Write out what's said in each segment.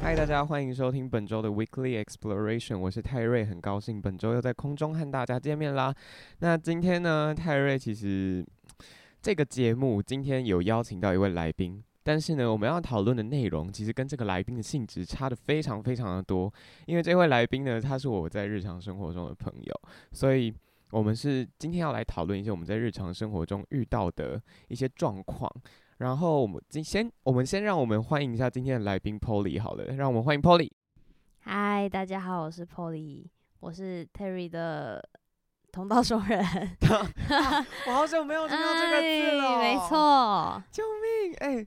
嗨，大家歡迎收聽本周的 Weekly Exploration，我是泰瑞，很高興本周又在空中和大家見面啦。那今天呢，泰瑞其實。這個節目今天有邀請到一位來賓，但是呢，我們要討論的內容其實跟這個來賓的性質差得非常非常的多。因為這位來賓呢，他是我在日常生活中的朋友，所以我們是今天要來討論一些我們在日常生活中遇到的一些狀況。然後我們今先，我們先讓我們歡迎一下今天的來賓 Polly，好了，讓我們歡迎 Polly。嗨，大家好，我是 Polly，我是 Terry 的。同道中人。啊啊，我好久沒有聽到這個字了，哎、沒錯，救命！哎、欸，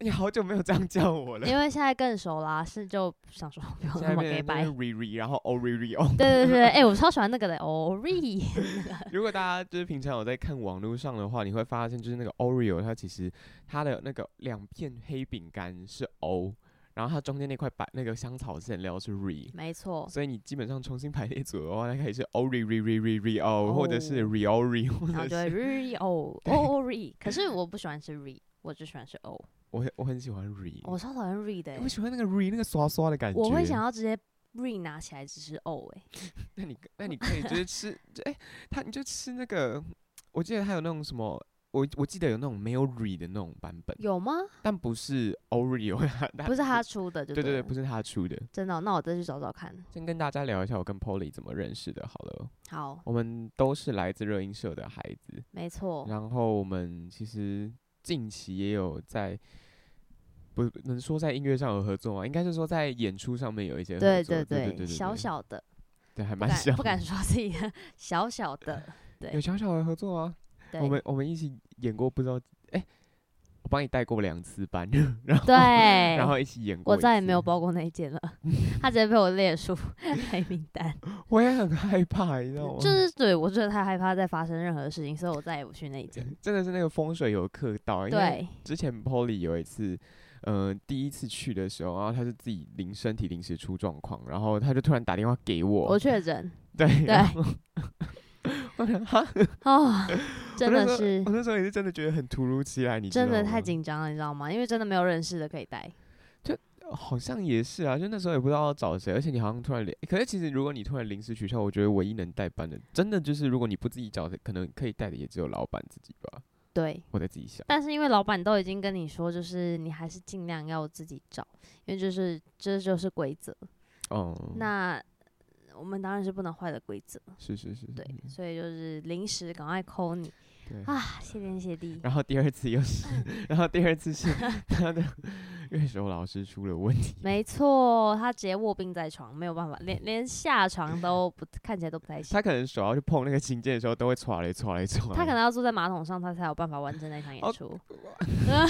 你好久沒有這樣叫我了，因為現在更熟啦，是就想說，我要可以掰 re re，然後 oreo，對對對，哎、欸，我超喜歡那個的 oreo。 O -ri 如果大家就是平常有在看網絡上的話，你會發現就是那個 oreo，它其實它的那個兩片黑餅乾是 o。然後它中間那塊白那個香草餡料是 re，沒錯，所以你基本上重新排列組合的話，它可以是 o re re re re re o，、oh, oh, 或者是 re o re，然後就會 re o o re、oh,。Oh oh re, 可是我不喜歡吃 re，我只喜歡吃 o、oh。我我很喜歡 re。 我超討厭 re 的、欸。我喜歡那個 re 那個刷刷的感覺。我會想要直接 re 拿起來只是 o、oh、哎、欸。 那你那你可以就是吃哎、 欸，他你就吃那個，我記得還有那種什麼。我我記得有那種沒有 read 的那種版本，有嗎？但不是 Oreal 不是他出的對，對對對，不是他出的，真的、哦。那我再去找找看。先跟大家聊一下我跟 Polly 怎麼認識的，好了。好，我們都是來自熱音社的孩子，沒錯。然後我們其實近期也有在，不能說在音樂上有合作嗎？應該是說在演出上面有一些合作，對對對對對,對對對對對，小小的，對，還蠻小不，不敢說是一個小小的，對，有小小的合作啊。我們我們一起演過不知道，哎、欸，我幫你帶過兩次班，然後對，然後一起演過。我再也沒有包過那一件了， 他直接被我列出黑 名單。我也很害怕，你知道嗎？就是對我真的太害怕再發生任何事情，所以我再也不去那一間。真的是那個風水有克到，因為之前 Polly 有一次，嗯、呃，第一次去的時候，然後他是自己臨身體臨時出狀況，然後他就突然打電話給我，我確診。對對。 啊啊、oh！ 真的是，我那時候也是真的覺得很突如其來。你真的太緊張了，你知道嗎？因為真的沒有認識的可以帶。就好像也是啊，就那時候也不知道要找誰，而且你好像突然連……欸、可是其實如果你突然臨時取消，我覺得唯一能代班的，真的就是如果你不自己找，可能可以帶的也只有老板自己吧。對。我得自己想。但是因為老板都已經跟你說，就是你還是盡量要自己找，因為就是這就是規則。哦、oh. 那。我們當然是不能壞的規則，是，是是是，對，所以就是臨時趕快 call 你，對啊，謝天謝地。然後第二次又是， 然後第二次是 然後那時候老師出了問題，沒錯，他直接臥病在床，沒有辦法，連連下床都不看起來都不太行。他可能手要去碰那個琴鍵的時候，都會唰嘞唰嘞唰。他可能要坐在馬桶上，他才有辦法完成那場演出。啊、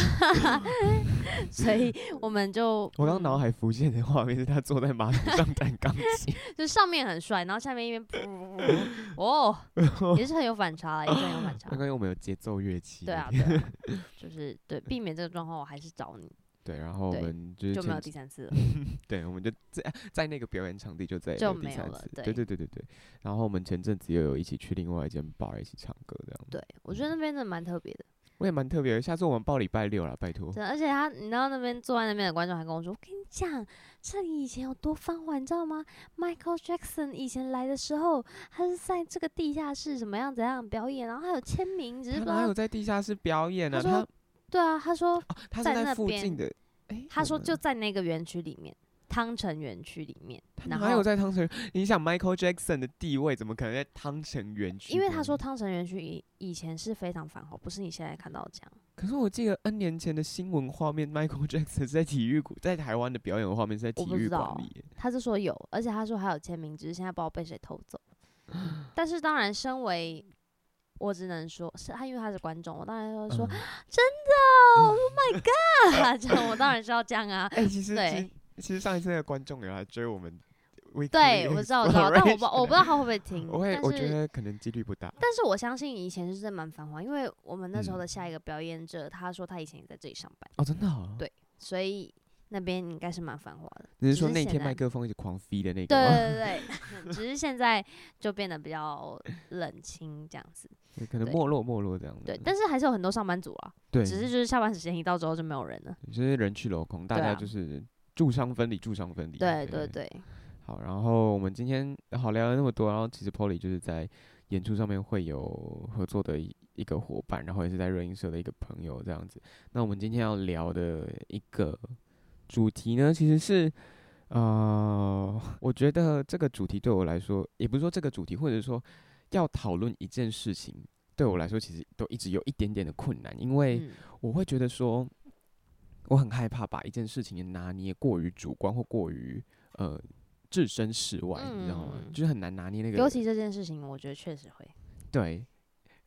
所以我們就，我剛腦海浮現的畫面是他坐在馬桶上彈 鋼琴， 就上面很帥，然後下面一邊噗噗噗哦，哦，也是很有反差啦，也、啊、很有反差。剛剛因為我們有節奏樂器對、啊，對啊， 就是對，避免這個狀況，我還是找你。對，然後我們就就沒有第三次了。 對，我們就在在那個表演場地，就在第三次。了。對對對對對。然後我們前陣子又有一起去另外一間 bar 一起唱歌這樣子。對，我覺得那邊真的蠻特別的。我也蠻特別，下次我們報禮拜六啦，拜託。對，而且他，你知道那邊坐在那邊的觀眾還跟我說：“我跟你講，這裡以前有多繁華，你知道嗎？” Michael Jackson 以前來的時候，他是在這個地下室怎麼樣怎樣表演，然後還有簽名，只是他，他哪有在地下室表演啊？他。對啊，他說在，那、哦、他在附近的、欸，他說就在那個園區裡面，湯臣園區裡面，然還有在湯臣。你想 Michael Jackson 的地位，怎麼可能在湯臣園區？因為他說湯臣園區以以前是非常繁華，不是你現在看到的這樣。可是我記得 N 年前的新聞畫面，Michael Jackson 在體育館，在台灣的表演的畫面是在體育館裡面。他是說有，而且他說還有簽名，只是現在不知道被誰偷走。 但是當然，身為我只能說，是他、啊，因為他是觀眾，我當然要說、嗯，真的、哦嗯、Oh my god！、啊、這樣，我當然是要這樣啊。哎、欸，其實，其實上一次那個觀眾有來追我們，對，我知道，我知道，但我我不知道他會不會聽。我會，我覺得可能幾率不大。但是我相信以前是真的蠻繁華，因為我們那時候的下一個表演者，他說他以前也在這裡上班。哦，真的、哦。對，所以。那邊應該是蠻繁華的。你是說那天麥克風一直狂飛的那個？對對對， 只是現在就變得比較冷清這樣子。對，可能沒落沒落這樣子。對，但是還是有很多上班族啊。對。只是就是下班時間一到之後就沒有人了，就是人去樓空，大家就是住商分離，住商分離，啊。對對對。好，然後我們今天好聊了那麼多，然後其實 Polly 就是在演出上面會有合作的一一個夥伴，然後也是在熱音社的一個朋友這樣子。那我們今天要聊的一個。主題呢，其實是，呃，我覺得這個主題對我來說，也不是說這個主題，或者說要討論一件事情，對我來說，其實都一直有一點點的困難，因為我會覺得說，我很害怕把一件事情拿捏過於主觀或過於呃置身事外，嗯，你知道嗎？就是很難拿捏那個。尤其這件事情，我覺得確實會。對。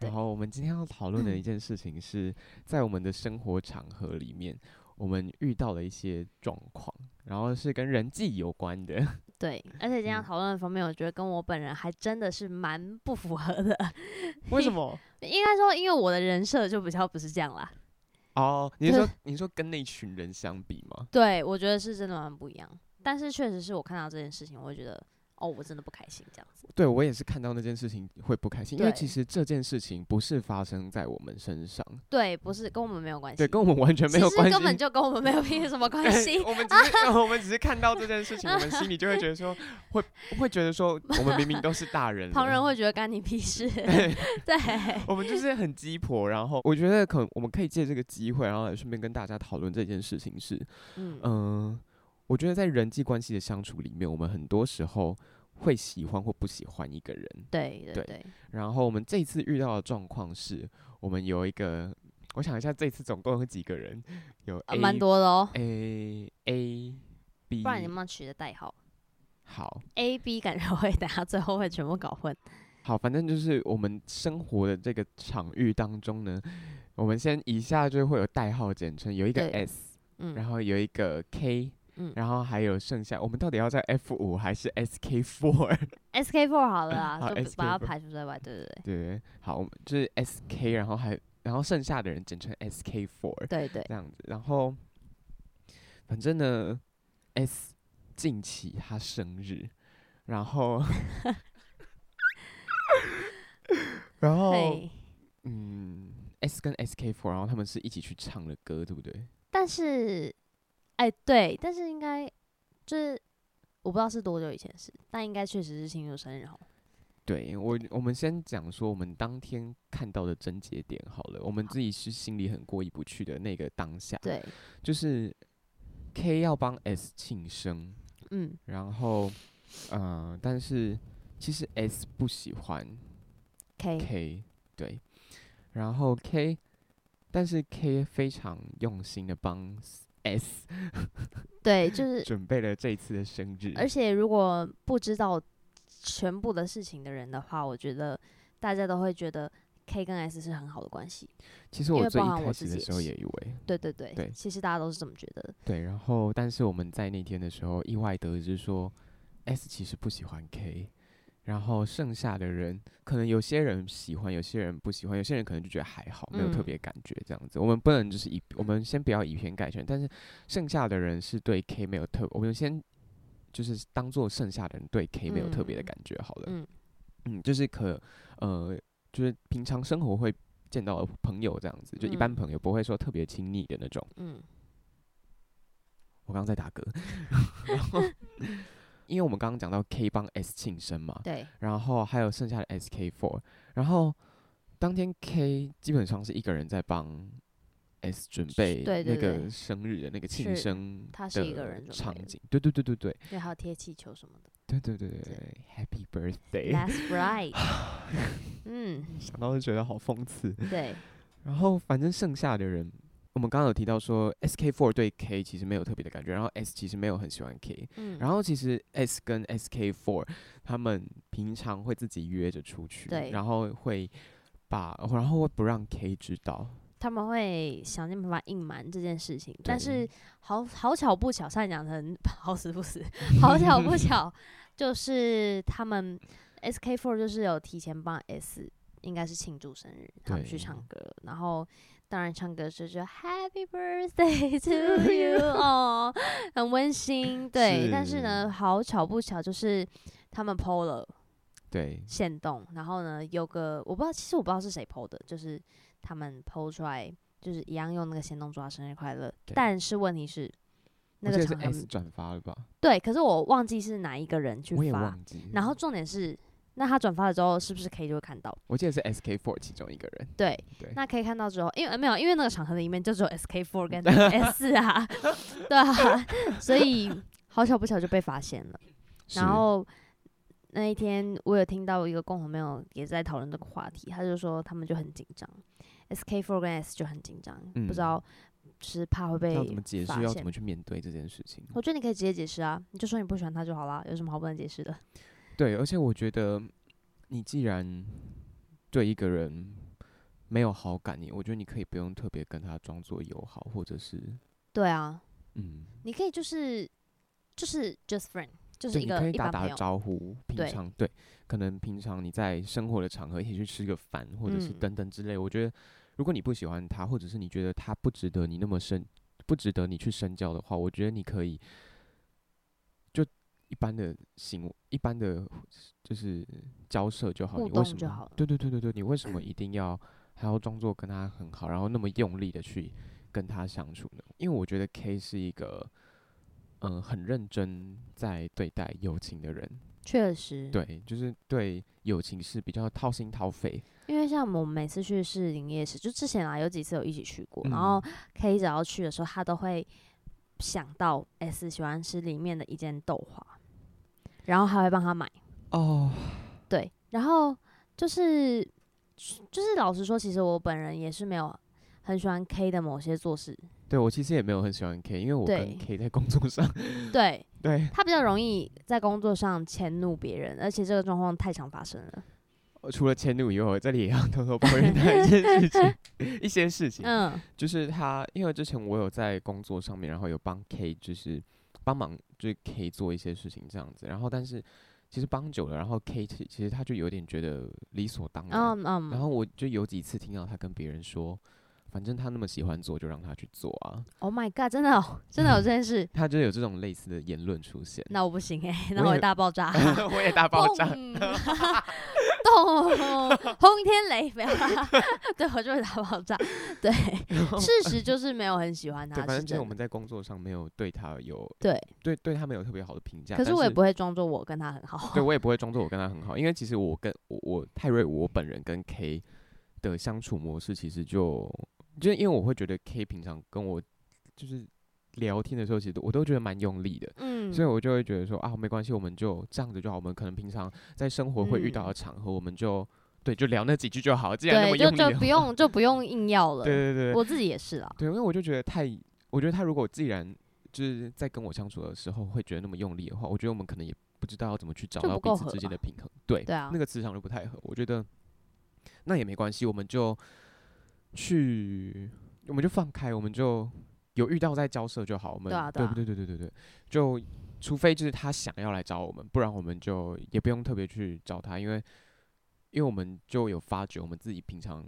然後我們今天要討論的一件事情，是在我們的生活場合裡面。 我們遇到了一些狀況，然後是跟人際有關的。對，而且今天討論的方面、嗯，我覺得跟我本人還真的是蠻不符合的。為什麼？ 應該說，因為我的人設就比較不是這樣啦。哦、oh，你說，你說跟那群人相比嗎？對，我覺得是真的蠻不一樣。但是確實是我看到這件事情，我覺得。哦，我真的不開心，這樣子。對，我也是看到那件事情會不開心，因為其實這件事情不是發生在我們身上。對，不是跟我們沒有關係。對，跟我們完全沒有關係，根本就跟我們沒有屁什麼關係、欸。我們只是、啊、我們只是看到這件事情，啊、我們心裡就會覺得說，啊、會會覺得說，我們明明都是大人，旁人會覺得干你屁事、欸。對，我們就是很雞婆。然後我覺得，可我們可以借這個機會，然後順便跟大家討論這件事情是，嗯。呃我覺得在人際關係的相處裡面，我們很多時候會喜歡或不喜歡一個人，對對，對，對，然後我們這次遇到的狀況是，我們有一個，我想一下，這次總共有幾個人？有蠻、呃、多的哦，A A B。不然你有沒有取得代號？好，A B 感覺會大家最後會全部搞混。好，反正就是我們生活的這個場域當中呢，我們先以下就會有代號簡稱，有一個 S，、嗯、然後有一個 K。嗯，然後還有剩下，我們到底要在 F 五還是 S K four？S K 4好了啊，嗯、把它排除在外，對對對。對，好，我們就是 S K，然後還然後剩下的人簡稱 S K four，對對，這樣子。然後，反正呢，S 近期他生日，然後， 然後，hey、嗯，S 跟 S K four，然後他們是一起去唱的歌，對不對？但是。哎，對，但是應該就是我不知道是多久以前是，但應該確實是慶祝生日哈。對我對，我們先講說我們當天看到的症結點好了好，我們自己是心裡很過意不去的那個當下。對，就是 K 要幫 S 慶生，嗯，然後，嗯、呃，但是其實 S 不喜歡 K。K 對，然後 K，但是 K 非常用心的幫。S， 對，就是準備了這次的生日。而且如果不知道全部的事情的人的話，我覺得大家都會覺得 K 跟 S 是很好的關係。其實我最一開始的時候也以為也，對對對，對，其實大家都是這麼覺得。對，然後但是我們在那天的時候意外得知說，S 其實不喜歡 K。然後剩下的人，可能有些人喜歡，有些人不喜歡，有些人可能就覺得還好，嗯、沒有特別感覺這樣子。我們不能就是以、嗯、我們先不要以偏概全。但是剩下的人是對 K 沒有特，我們先就是當做剩下的人對 K 沒有特別的感覺好了。嗯，嗯就是可，呃，就是平常生活會見到朋友這樣子、嗯，就一般朋友不會說特別親密的那種。嗯，我剛剛在打嗝。 然後 因為我們剛剛講到 K 幫 S 慶生嘛，對，然後還有剩下的 SK four，然後當天 K 基本上是一個人在幫 S 準備那個生日的那個慶生的對對對，是,是一個人場景，對對對對對，還有貼氣球什麼的，對對對對,對,對，Happy birthday，That's right，嗯， 想到就覺得好諷刺，對，然後反正剩下的人。我們剛剛有提到說，S K Four 對 K 其實沒有特別的感覺，然後 S 其實沒有很喜歡 K，、嗯、然後其實 S 跟 S K Four 他們平常會自己約着出去，對，然後會把、哦、然後會不讓 K 知道，他們會想盡辦法隱瞞這件事情。但是好好巧不巧，現在講成好死不死，好巧不巧 就是他們 S K Four 就是有提前幫 S 應該是慶祝生日，他們去唱歌，然後。當然，唱歌是說 Happy birthday to you， 哦，很溫馨，對。但是呢，好巧不巧，就是他們 Po 了，對，限動，然後呢，有個我不知道，其實我不知道是誰 Po 的，就是他們 Po 出來，就是一樣用那個限動祝他生日快樂。但是問題是，那個場們對，可是我忘記是哪一個人去發，然後重點是，那他轉發了之後，是不是可以就會看到？我記得是 S K Four 其中一個人對。對，那可以看到之後，因為沒有，因為那個場合裡面就只有 S K Four 跟 S 啊， 對啊， 所以好巧不巧就被發現了。然後那一天，我有聽到一個共同朋友也在討論這個話題，他就說他們就很緊張，S K Four 跟 S 就很緊張、嗯，不知道是怕會被怎麼解釋，要怎麼去面對這件事情。我覺得你可以直接解釋啊，你就說你不喜歡他就好啦，有什麼好不能解釋的？對，而且我覺得你既然對一個人沒有好感，你我覺得你可以不用特別跟他裝作友好，或者是對啊，嗯，你可以就是就是 just friend，就是一個你可以打打的招呼，平常對，對，可能平常你在生活的場合一起去吃個飯，或者是等等之類，嗯。我覺得如果你不喜歡他，或者是你覺得他不值得你那麼深，不值得你去深交的話，我覺得你可以。一般的行，一般的就是交涉就好。就好你為什麼？對對對對對，你為什麼一定要還 要裝作跟他很好，然後那麼用力的去跟他相處呢？因為我覺得 K 是一個，嗯、呃，很認真在對待友情的人。確實，對，就是對友情是比較掏心掏肺。因為像我們每次去試營業時，就之前啊有幾次有一起去過，嗯、然後 K 只要去的時候，他都會想到 S 喜歡吃裡面的一間豆花。然後還會幫他買哦、oh,，對，然後就是就是老實說，其實我本人也是沒有很喜歡 K 的某些做事對。對我其實也沒有很喜歡 K，因為我跟 K 在工作上，對 對，他比較容易在工作上遷怒別人，而且這個狀況太常發生了。除了遷怒以外，我這裡也要偷偷抱怨他一件事情， 一些事情，嗯，就是他，因為之前我有在工作上面，然後有幫 K，就是。幫忙就可以做一些事情這樣子，然後但是其實幫久了，然後 Kate 其實他就有點覺得理所當然，um, um. 然後我就有幾次聽到他跟別人說。反正他那麼喜歡做，就讓他去做啊！Oh my god，真的、哦，真的有這件事， 他就有這種類似的言論出現。 那我不行哎、欸，那我大爆炸， 我也大爆炸，動， 轟天雷，不要，對我就是大爆炸，對， 事實就是沒有很喜歡他。 反正我們在工作上沒有對他有對對對他沒有特別好的評價。可是我也，是我也不會裝作我跟他很好。 對，我也不會裝作我跟他很好，因為其實我跟我，我泰瑞，我本人跟 K 的相處模式其實就。就因為我會覺得 K 平常跟我就是聊天的時候，其實我都覺得蠻用力的，嗯，所以我就會覺得說啊，沒關係，我們就這樣子就好。我們可能平常在生活會遇到的場合，嗯、我們就對就聊那幾句就好，這樣我們就不用就不用硬要了。對對對對，我自己也是啊。對，因為我就覺得太，我覺得他如果既然就是在跟我相處的時候會覺得那麼用力的話，我覺得我們可能也不知道要怎麼去找到彼此之間的平衡。對對啊，那個磁場就不太合。我覺得那也沒關係，我們就。去，我們就放開，我們就有遇到再交涉就好。我們對，對，對，對，對，對，就除非就是他想要來找我們，不然我們就也不用特別去找他，因為因為我們就有發覺我們自己平常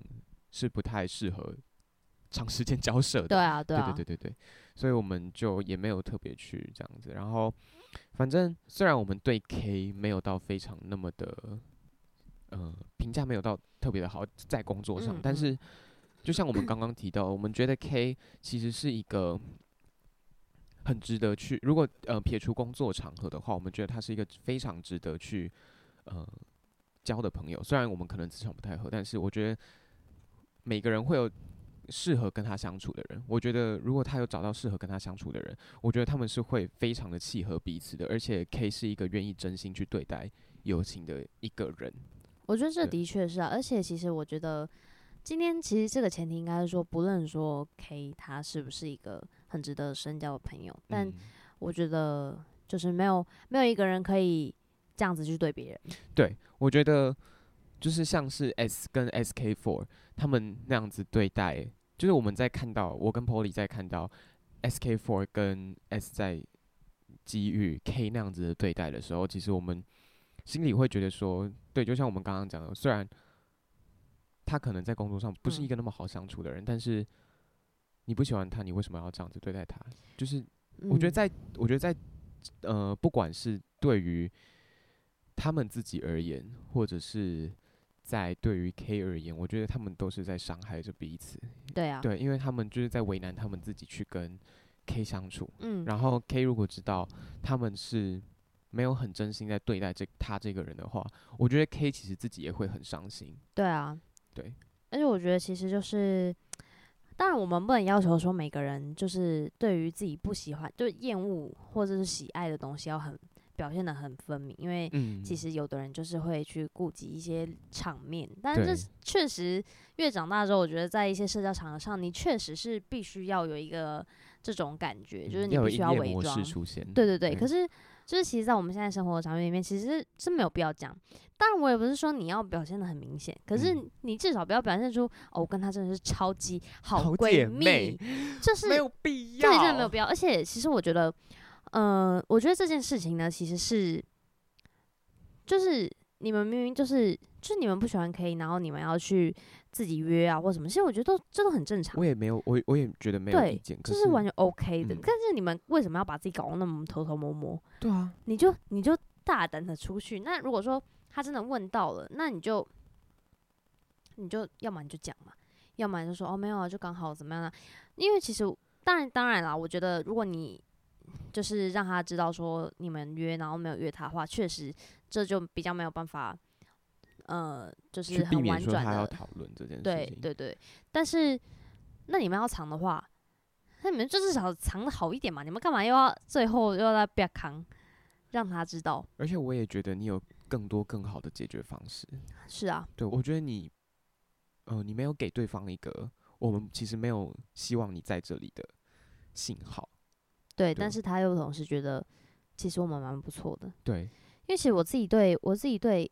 是不太適合長時間交涉的。對啊，對啊、對對，對，對，對，所以我們就也沒有特別去這樣子。然後，反正雖然我們對 K 沒有到非常那麼的，嗯、呃，評價沒有到特別的好，在工作上，嗯、但是。 就像我們剛剛提到，我們覺得 K 其實是一個很值得去。如果呃撇除工作場合的話，我們覺得他是一個非常值得去呃交的朋友。雖然我們可能磁場不太合，但是我覺得每個人會有適合跟他相處的人。我覺得如果他有找到適合跟他相處的人，我覺得他們是會非常的契合彼此的。而且 K 是一個願意真心去對待友情的一個人。我覺得這的確是啊，對。而且其實我覺得。今天其實這個前提應該是說，不論說 K 他是不是一個很值得深交的朋友，嗯、但我覺得就是沒有沒有一個人可以這樣子去對別人。對，我覺得就是像是 S 跟 SK Four 他們那樣子對待，就是我們在看到我跟 Polly 在看到 SK Four 跟 S 在給予 K 那樣子的對待的時候，其實我們心裡會覺得說，對，就像我們剛剛講的，雖然，他可能在工作上不是一個那麼好相處的人、嗯，但是你不喜歡他，你為什麼要這樣子對待他？就是我覺得在，在、嗯、我覺得在呃，不管是對於他們自己而言，或者是在對於 K 而言，我覺得他們都是在傷害着彼此。對啊，對，因為他們就是在為難他們自己去跟 K 相處。嗯、然後 K 如果知道他們是沒有很真心在對待這他這個人的話，我覺得 K 其實自己也會很傷心。對啊。對，而且我覺得其實就是，當然我們不能要求說每個人就是對於自己不喜歡、就厭惡或者是喜愛的東西要很。表現得很分明，因為其實有的人就是會去顧及一些場面，嗯、但是確實越長大之後，我覺得在一些社交場合上，你確實是必須要有一個這種感覺，嗯、就是你必須要偽裝。對對對、嗯，可是就是其實，在我們現在生活的場景裡面，其實是沒有必要講。當然，我也不是說你要表現得很明顯，可是你至少不要表現出、嗯、哦，我跟他真的是超級好閨蜜姐妹，就是沒有必要，沒有必要。而且，其實我覺得。嗯、呃，我覺得這件事情呢，其實是，就是你們明明就是，就是你們不喜歡可以，然後你們要去自己約啊，或什麼。其實我覺得都這都很正常。我也沒有，我我也覺得沒有意見，就是，是完全 OK 的，嗯。但是你們為什麼要把自己搞那麼偷偷摸摸？對啊，你就你就大膽的出去。那如果說他真的問到了，那你就，你就要麼你就講嘛，要麼就說哦沒有、啊，就剛好怎麼樣呢、啊？因為其實當然當然啦，我覺得如果你。就是讓他知道說你們約，然後沒有約他的話，確實這就比較沒有辦法，呃，就是很婉轉的討論這件事情。對對對，但是那你們要藏的話，那你們就至少藏得好一點嘛。你們幹嘛又要最後又要被扛，讓他知道？而且我也覺得你有更多更好的解決方式。是啊，對，我覺得你，呃，你沒有給對方一個我們其實沒有希望你在這裡的信號。對，但是他又總是覺得，其實我們蠻不錯的。對，因為其實我自己對我自己對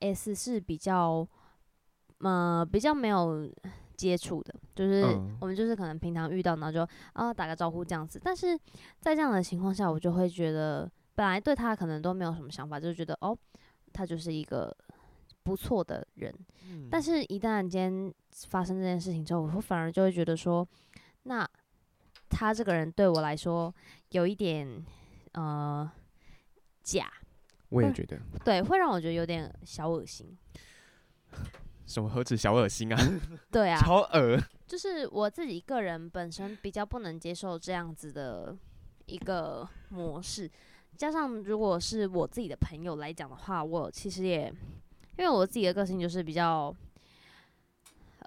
S 是比較，嗯，呃，比較沒有接觸的，就是我們就是可能平常遇到，然後就啊打個招呼這樣子。但是在這樣的情況下，我就會覺得，本來對他可能都沒有什麼想法，就覺得哦，他就是一個不錯的人。嗯。但是，一旦今天發生這件事情之後，我反而就會覺得說。他這個人對我來說有一點呃假，我也覺得，對，會讓我覺得有點小惡心。什麼何止小惡心啊？對啊，超惡。就是我自己個人本身比較不能接受這樣子的一個模式，加上如果是我自己的朋友來講的話，我其實也因為我自己的個性就是比較，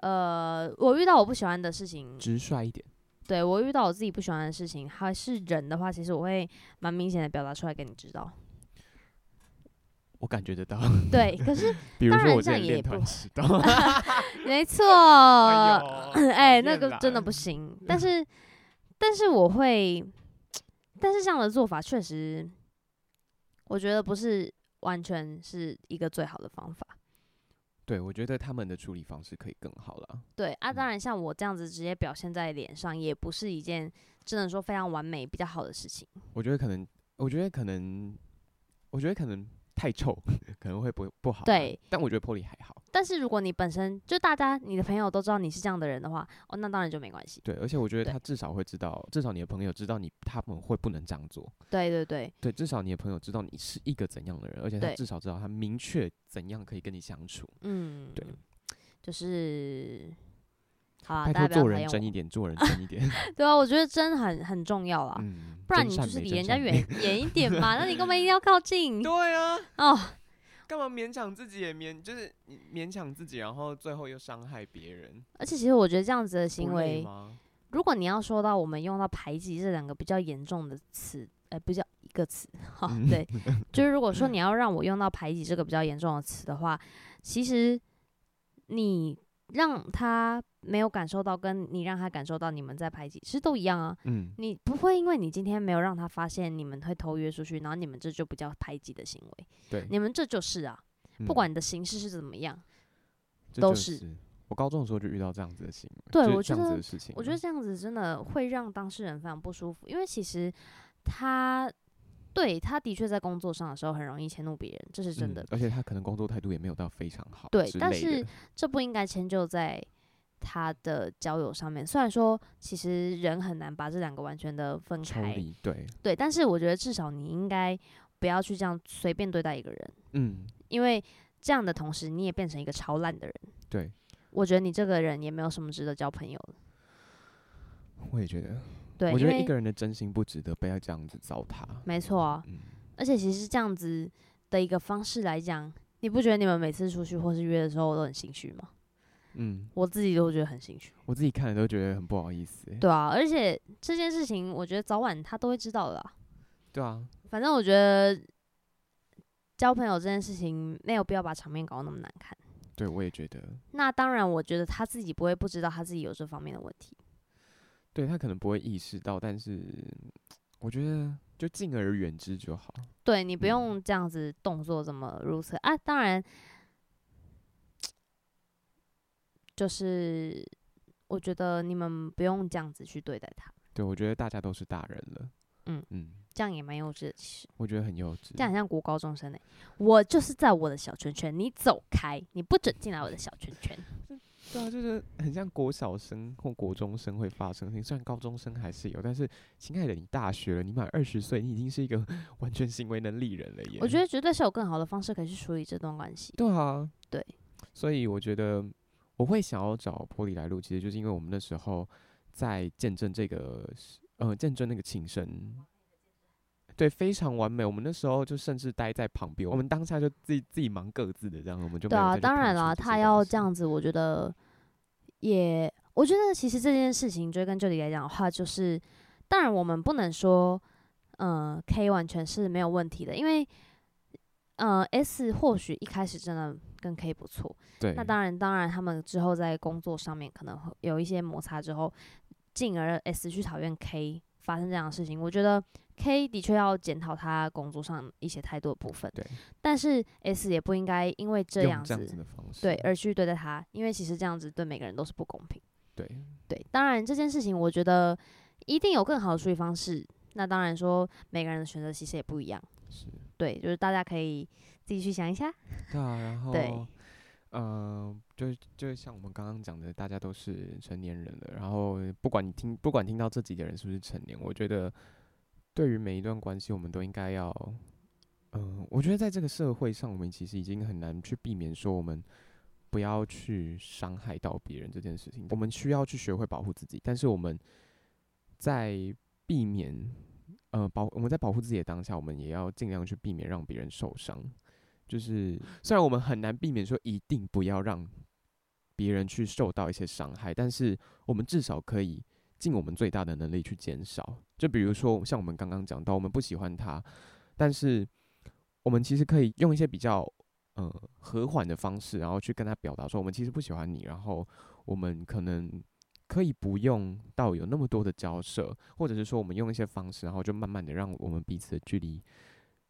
呃，我遇到我不喜歡的事情直率一點。對，我遇到我自己不喜歡的事情，還是人的話，其實我會蠻明顯的表達出來給你知道。我感覺得到。對， 可是當然 這樣也不知 沒錯，哎， 哎，那個真的不行。但是，但是我會，但是這樣的做法確實，我覺得不是完全是一個最好的方法。對，我覺得他們的處理方式可以更好了。對啊，當然，像我這樣子直接表現在臉上，嗯，也不是一件，真的說非常完美、比較好的事情。我覺得可能，我覺得可能，我覺得可能太臭，可能會不不好，啊。對，但我覺得 Polly 還好。但是如果你本身就大家你的朋友都知道你是這樣的人的話，哦，那當然就沒關係。對，而且我覺得他至少會知道，至少你的朋友知道你，他們會不能這樣做。對對對對，至少你的朋友知道你是一個怎樣的人，而且他至少知道他明確怎樣可以跟你相處。嗯，對，就是好啊，大家做人真一點，做人真一點。 對啊，我覺得真很很重要啦、 嗯，不然你就是離人家遠遠一點嘛， 那你幹嘛一定要靠近？對啊，哦。幹嘛勉強自己也勉，就是勉強自己，然後最後又傷害別人。而且其實我覺得這樣子的行為，如果你要說到我們用到排擠這兩個比較嚴重的詞，呃、欸，不叫一個詞哈，喔、 對，就是如果說你要讓我用到排擠這個比較嚴重的詞的話， 其實你。讓他沒有感受到，跟你讓他感受到，你們在排擠，其實都一樣啊、嗯。你不會因為你今天沒有讓他發現你們會偷約出去，然後你們這就不叫排擠的行為。對，你們這就是啊，不管你的形式是怎麼樣、嗯就是，都是。我高中的時候就遇到這樣子的行為，對我覺得我覺得這樣子真的會讓當事人非常不舒服，因為其實他。對，他的確在工作上的時候很容易遷怒別人，這是真的、嗯。而且他可能工作態度也沒有到非常好。對，但是這不應該遷就在他的交友上面。雖然說，其實人很難把這兩個完全的分開。對，對，但是我覺得至少你應該不要去這樣隨便對待一個人。嗯，因為這樣的同時，你也變成一個超爛的人。對，我覺得你這個人也沒有什麼值得交朋友了。我也覺得。我覺得一個人的真心不值得被他這樣子糟蹋。沒錯啊，嗯，而且其實這樣子的一個方式來講，你不覺得你們每次出去或是約的時候，我都很心虛嗎？嗯，我自己都覺得很心虛。我自己看了都覺得很不好意思欸。對啊，而且這件事情，我覺得早晚他都會知道的啊。對啊。反正我覺得交朋友這件事情沒有必要把場面搞得那麼難看。對，我也覺得。那當然，我覺得他自己不會不知道，他自己有這方面的問題。對他可能不會意識到，但是我覺得就敬而遠之就好。對，你不用這樣子動作怎麼如此、嗯、啊！當然，就是我覺得你們不用這樣子去對待他。對，我覺得大家都是大人了。嗯嗯，這樣也蠻幼稚，其實。我覺得很幼稚，這樣很像國高中生哎、欸！我就是在我的小圈圈，你走開，你不准進來我的小圈圈。 對啊，就是很像國小生或國中生會發生。雖然高中生還是有，但是親愛的，你大學了，你滿二十歲，你已經是一個完全行為能力人了耶。也我覺得絕對是有更好的方式可以去處理這段關係。對啊，對。所以我覺得我會想要找 Polly 來錄，其實就是因為我們那時候在見證這個，呃，見證那個情深。對，非常完美。我們那時候就甚至待在旁邊，我們當下就自己自己忙各自的，這樣我們就沒。對啊，當然了，他要這樣子，我覺得也，我覺得其實這件事情追根究底來講的話，就是當然我們不能說，嗯、呃，K 完全是沒有問題的，因為，嗯、呃，S 或許一開始真的跟 K 不錯，對。那當然，當然他們之後在工作上面可能會有一些摩擦，之後進而 S 去討厭 K。發生這樣的事情，我覺得 K 的確要檢討他工作上一些態度的部分。但是 S 也不應該因為這樣子，這樣子，對，而去對待他，因為其實這樣子對每個人都是不公平。對，對，當然這件事情我覺得一定有更好的處理方式。那當然說每個人的選擇其實也不一樣。是。對，就是大家可以自己去想一下。 對、啊、然後、對，嗯、呃。就就像我們剛剛講的，大家都是成年人了。然後不管你聽，不管聽到這幾個人是不是成年，我覺得對於每一段關係，我們都應該要，嗯、呃，我覺得在這個社會上，我們其實已經很難去避免說我們不要去傷害到別人這件事情。我們需要去學會保護自己，但是我們在避免，呃，保我們在保護自己的當下，我們也要盡量去避免讓別人受傷。就是雖然我們很難避免說一定不要讓。別人去受到一些傷害，但是我們至少可以盡我們最大的能力去減少。就比如說，像我們剛剛講到，我們不喜歡他，但是我們其實可以用一些比較呃和緩的方式，然後去跟他表達說，我們其實不喜歡你。然後我們可能可以不用到有那麼多的交涉，或者是說我們用一些方式，然後就慢慢的讓我們彼此的距離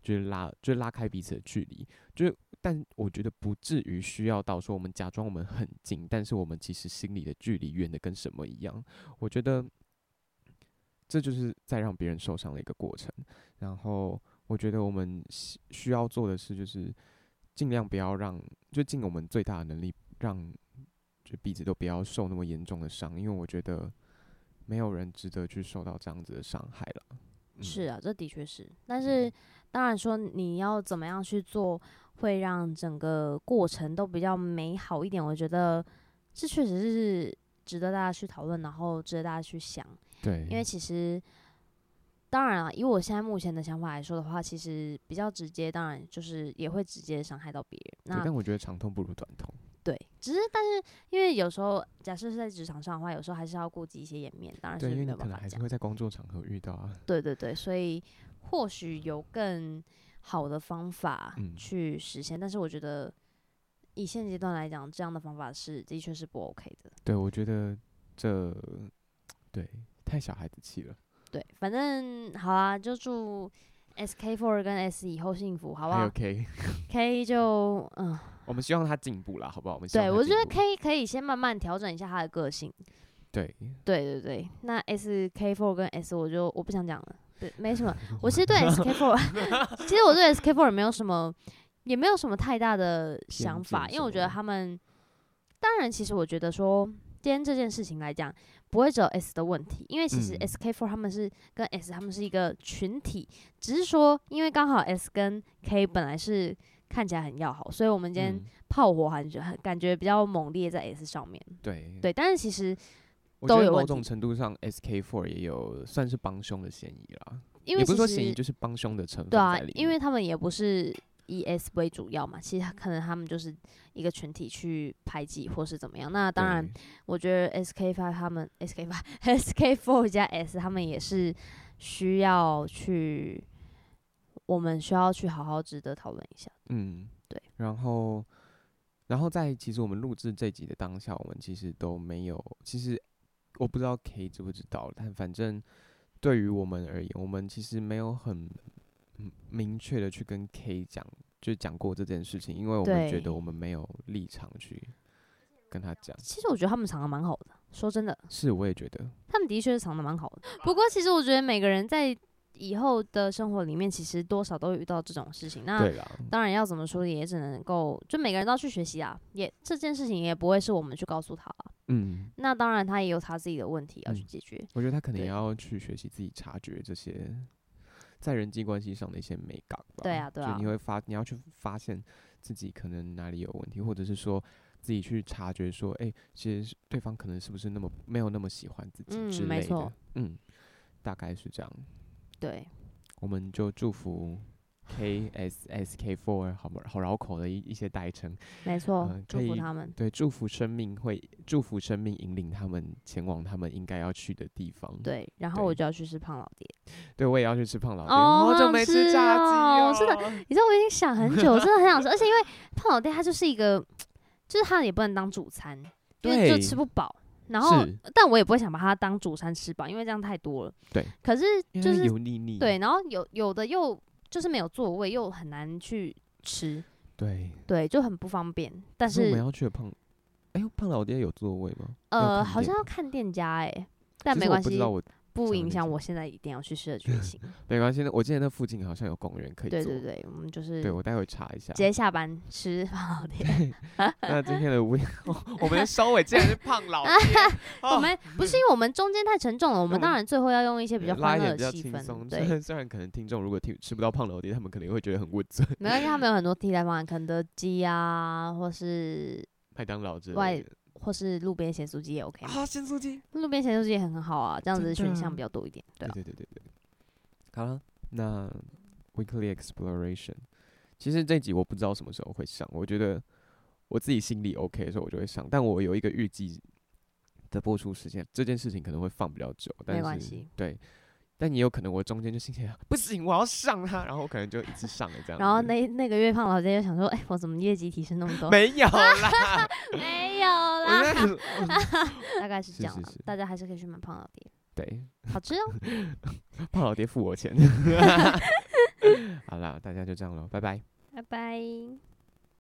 就是、拉就拉開彼此的距離，就。但我覺得不至於需要到說我們假裝我們很近，但是我們其實心裡的距離遠的跟什麼一樣。我覺得這就是在讓別人受傷的一個過程。然後我覺得我們需要做的事就是儘量不要讓，就盡我們最大的能力讓就彼此都不要受那麼嚴重的傷，因為我覺得沒有人值得去受到這樣子的傷害了、嗯。是啊，這的確是，但是、嗯。當然說你要怎麼樣去做，會讓整個過程都比較美好一點。我覺得這確實是值得大家去討論，然後值得大家去想。對，因為其實當然了，以我現在目前的想法來說的話，其實比較直接，當然就是也會直接傷害到別人。那但我覺得長痛不如短痛。對，只是但是因為有時候假設是在職場上的話，有時候還是要顧及一些顏面。當然是，對，因為你可能還是會在工作場合遇到啊。對對對，所以。或許有更好的方法去實現，嗯、但是我覺得以現階段來講，這樣的方法是的確是不 OK 的。對，我覺得這對太小孩子氣了。對，反正好啊，就祝 S K Four 跟 S 以後幸福，好不好？OK，K 就嗯，我們希望他進步了，好不好？我們對我覺得 K 可以先慢慢調整一下他的個性。對，對對對，那 S K Four 跟 S，我就我不想講了。對，沒什麼。我其實對 S K Four，其實我對 S K Four 也沒有什麼，也沒有什麼太大的想法，因為我覺得他們。當然，其實我覺得說今天這件事情來講，不會只有 S 的問題，因為其實 S K Four 他們是、嗯、跟 S 他們是一個群體，只是說因為剛好 S 跟 K 本來是看起來很要好，所以我們今天炮火還很、嗯、感覺比較猛烈在 S 上面。對，對但是其實。都有某種程度上，SK Four 也有算是幫兇的嫌疑啦。也不是說嫌疑，就是幫兇的成分在裡？對啊，因為他們也不是以 S 為主要嘛，其實可能他們就是一個群體去排擠或是怎麼樣。那當然，我覺得 SK Five 他們，SK Five，SK Four 加 S，他們也是需要去，我們需要去好好值得討論一下。嗯，對。然後，然後在其實我們錄制這集的當下，我們其實都沒有，其實。我不知道 K 知不知道，但反正對於我們而言，我們其實沒有很明確的去跟 K 講，就講過這件事情，因為我們覺得我們沒有立場去跟他講。其實我覺得他們藏的蠻好的，說真的。是，我也覺得他們的確是藏的蠻好的。不過，其實我覺得每個人在。以後的生活裡面，其實多少都會遇到這種事情。那、對啊，當然要怎麼說，也只能夠就每個人都要去學習啊。也這件事情也不會是我們去告訴他。嗯。那當然，他也有他自己的問題要去解決。嗯，我覺得他可能要去學習自己察覺這些在人際關係上的一些美感吧。對啊，對啊。你會發，你要去發現自己可能哪裡有問題，或者是說自己去察覺說，哎、欸，其實對方可能是不是那麼沒有那麼喜歡自己之類的。嗯，沒錯，嗯，大概是這樣。對，我們就祝福 K S S K Four 好嗎？好繞口的一一些代稱，沒錯、呃，祝福他們。對，祝福生命會祝福生命，引領他們前往他們應該要去的地方。對，然後我就要去吃胖老爹。對，我也要去吃胖老爹。哦，好久沒吃炸雞我真、喔喔、的，你知道我已經想很久，真的很想吃。 而且因為胖老爹他就是一個，就是他也不能當主餐，對，因為就吃不飽。然後，但我也不會想把它當主餐吃吧，因為這樣太多了。對，可是就是油膩膩。對，然後有有的又就是沒有座位，又很難去吃。對對，就很不方便。但是，我們要去碰，哎、欸，胖老爹有座位嗎？呃，好像要看店家哎、欸，但沒關係。不影響，我現在一定要去吃的決心。 沒關係的，我記得那附近好像有公園可以。對對對，我們就是。 對我待會查一下，直接下班吃好的。那今天的 w 我們收尾自然是胖老爹。我們不是因為我們中間太沉重了，我們當然最後要用一些比較歡樂的氣氛。雖然 雖然可能聽眾如果聽吃不到胖老爹，他們可能會覺得很問罪。 沒關係，他們有很多替代方案，肯德基啊，或是麥當勞之類的。或是路邊鹹酥雞也 OK，啊，鹹酥雞，路邊鹹酥雞也很好啊，這樣子選項比較多一點。對對，對對對對。好了，啊，那 Weekly Exploration，其實這一集我不知道什麼時候會上，我覺得我自己心裡 OK 的時候我就會上，但我有一個預計的播出時間，這件事情可能會放不了久，沒關係。對，但也有可能我中間就心想、啊、不行，我要上它，然後我可能就一直上了這樣。 然後那那個月胖老爹又想說，哎、欸，我怎麼業績提升那麼多？ 沒有啦， 欸有啦，大概是這樣吧，大家還是可以去買胖老爹，對，好吃哦 ，胖老爹付我錢 ， 好啦，大家就這樣咯，拜拜，拜拜。